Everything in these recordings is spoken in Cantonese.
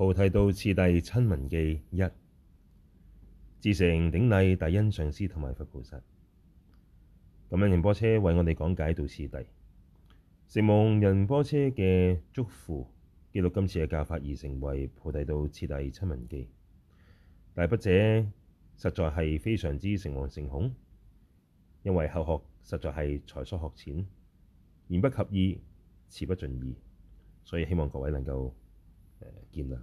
菩提道次第親聞記一，至誠頂禮大恩上師同埋佛菩薩。感恩仁波切為我哋講解道次第，承蒙仁波切嘅囑付，記錄今次嘅教法而成為菩提道次第親聞記。但筆者實在係非常之誠惶誠恐，因為後學實在係才疏學淺，言不及義、詞不盡意，所以希望各位能夠誒、呃、見諒。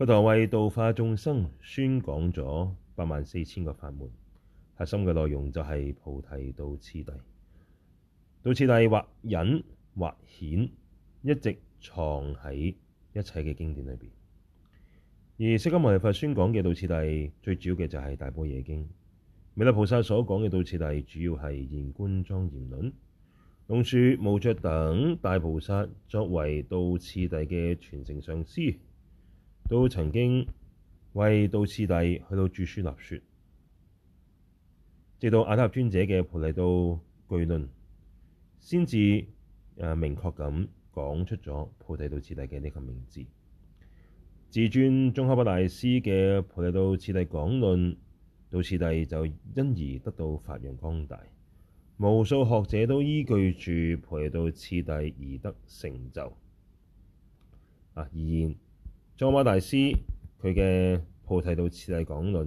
佛陀為度化眾生宣講咗八萬四千個法門，核心嘅內容就係菩提道次第。道次第或隱或顯，一直藏喺一切嘅經典裏邊。而釋迦牟尼佛宣講嘅道次第，最主要嘅就係《大般若經》。彌勒菩薩所講嘅道次第，主要係《現觀莊嚴論》。龍樹、無著等大菩薩作為道次第嘅傳承上師。都曾經為道次第去到著書立説，直到阿塔尊者嘅菩提道炬論，先至明確咁講出咗菩提道次第嘅呢個名字。至宗喀巴大師嘅菩提道次第廣論，道次第就因而得到發揚光大，無數學者都依據住菩提道次第而得成就啊！然。宗喀巴大師佢嘅《菩提道次第廣論》，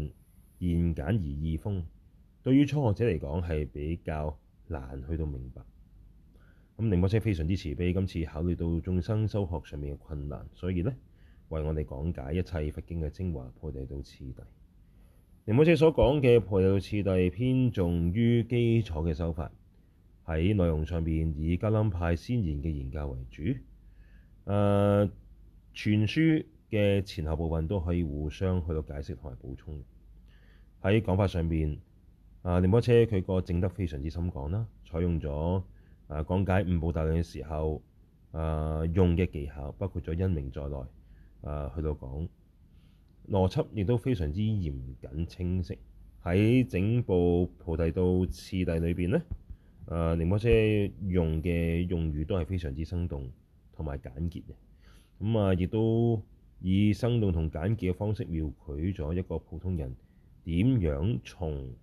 言簡而意豐，對於初學者嚟講係比較難去到明白。咁仁波切非常之慈悲，今次考慮到眾生修學上面嘅困難，所以呢，為我哋講解一切佛經嘅精華《菩提道次第》。仁波切所講嘅《菩提道次第》偏重於基礎嘅修法，喺內容上邊以噶當派先賢嘅教言為主。誒、呃，全書。嘅前後部分都可以互相去到解釋同埋補充。喺講法上邊啊，仁波切佢個證得非常之深廣啦，採用咗啊，講解五部大論嘅時候啊，用嘅技巧，包括咗因明在內啊，去到講邏輯亦都非常之嚴謹清晰。喺整部菩提道次第裏邊呢，啊，仁波切用嘅用語都係非常之生動同埋簡潔嘅，咁啊，亦都。以生動同簡潔嘅方式描繪咗一個普通人點樣從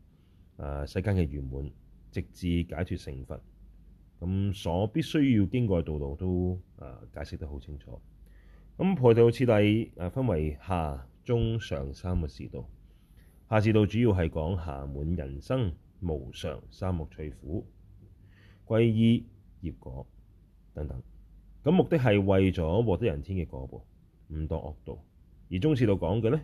啊世間嘅圓滿，直至解脫成佛咁所必須要經過嘅道路，都啊解釋得好清楚。咁菩提道次第啊，分為下、中、上三個士道。下士道主要係講暇滿人生、無常、三惡趣苦、皈依業果等等。咁目的係為咗獲得人天嘅果報。唔墮惡道，而中士道講嘅呢，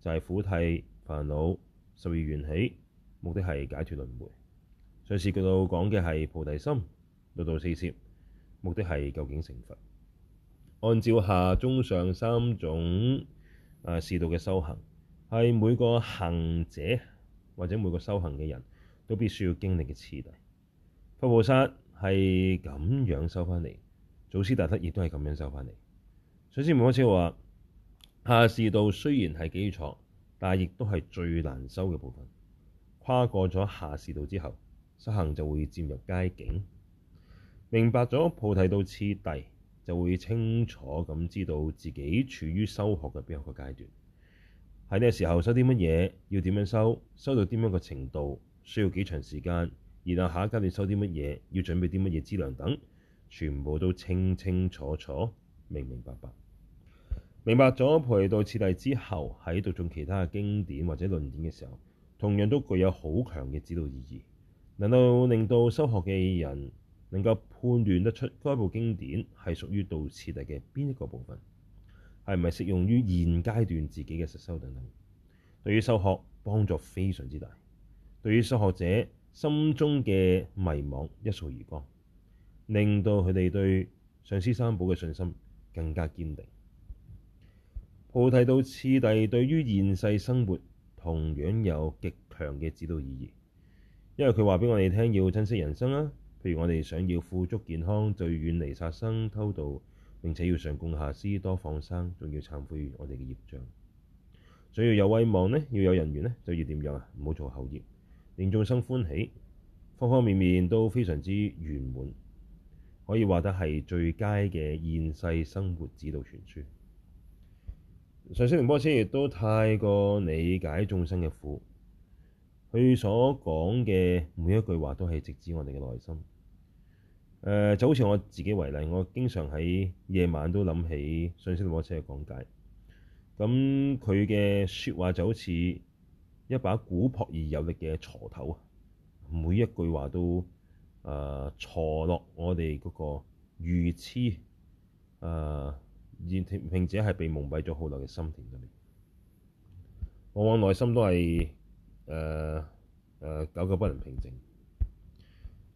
就係苦諦、煩惱十二緣起，目的係解脱輪迴；上士道講嘅係菩提心六度四攝，目的係究竟成佛。按照下中上三種誒士，啊，道嘅修行，係每個行者或者每個修行嘅人都必須要經歷嘅次第。佛菩薩係咁樣收翻嚟，祖師大德亦都係咁樣收翻嚟。首先，唔好開始下士道雖然係基礎，但係亦都係最難修嘅部分。跨過咗下士道之後，修行就會漸入佳境。明白咗菩提道次第，就會清楚咁知道自己處於修學嘅邊一個階段，喺呢時候修啲乜嘢，要點樣修，修到點樣嘅程度，需要幾長時間，然後下一階段修啲乜嘢，要準備啲乜嘢資糧等，全部都清清楚楚。明明白白，明白咗菩提道次第之後，喺讀中其他嘅經典或者論點嘅時候，同樣都具有好強嘅指導意義，能夠令到修學嘅人能夠判斷得出該部經典係屬於道次第嘅邊一個部分，係咪適用於現階段自己嘅實修等等，對於修學幫助非常之大，對於修學者心中嘅迷茫一掃而光，令到佢哋對上師三寶嘅信心更加堅定。菩提道次第對於現世生活同樣有極強嘅指導意義，因為佢話畀我哋聽要珍惜人生啊，譬如我哋想要富足、健康，就要遠離殺生、偷盜，並且要上供下施、多放生，仲要懺悔我哋嘅業障。所以要有威望呢，要有人緣呢，就要點樣啊？唔好做口業，令眾生歡喜，方方面面都非常之圓滿。可以話得係最佳嘅現世生活指導全書。上師仁波切亦都太過理解眾生嘅苦，佢所講嘅每一句話都係直指我哋嘅內心。呃、就好似我自己為例，我經常喺夜晚都諗起上師仁波切嘅講解。咁佢嘅說話就好似一把古樸而有力嘅鋤頭，每一句話都，誒、啊、鋤落我哋嗰個愚痴，誒、啊、而平平係被蒙蔽咗好耐嘅心田裏面，往往內心都係誒誒久久不能平靜。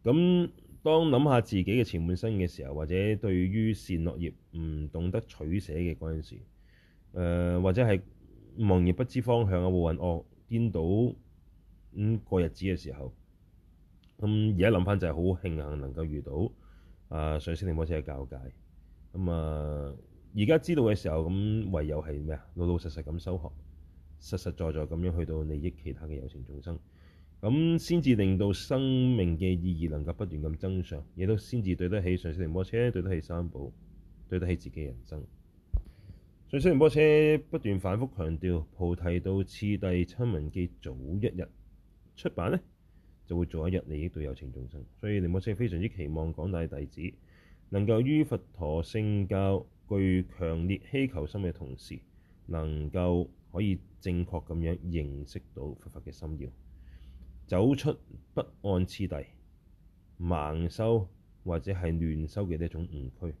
咁、啊、當諗下自己嘅前半生嘅時候，或者對於善惡業唔懂得取捨嘅嗰陣時、啊，或者係茫然不知方向啊，渾渾噩噩顛倒咁、嗯、過日子嘅時候。咁而家諗翻就係好慶幸能夠遇到啊，上師仁波切嘅教界，咁、嗯、啊而家知道嘅時候，咁唯有係咩啊？老老實實咁修學，實實在在咁樣去到利益其他嘅有情眾生，咁先至令到生命嘅意義能夠不斷咁增長，亦都先至對得起上師仁波切，對得起三寶，對得起自己人生。上師仁波切不斷反覆強調，菩提道次第親聞記早一日出版咧，就會早一日利益對有情眾生，所以仁波切非常之期望廣大弟子能夠於佛陀聖教具強烈希求心嘅同時，能夠可以正確咁樣認識到佛法嘅心要，走出不按次第盲修或者係亂修嘅呢一種誤區，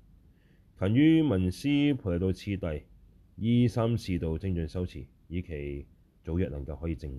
勤於聞思，菩提道次第，依三士道精進修持，以期早日能夠可以證。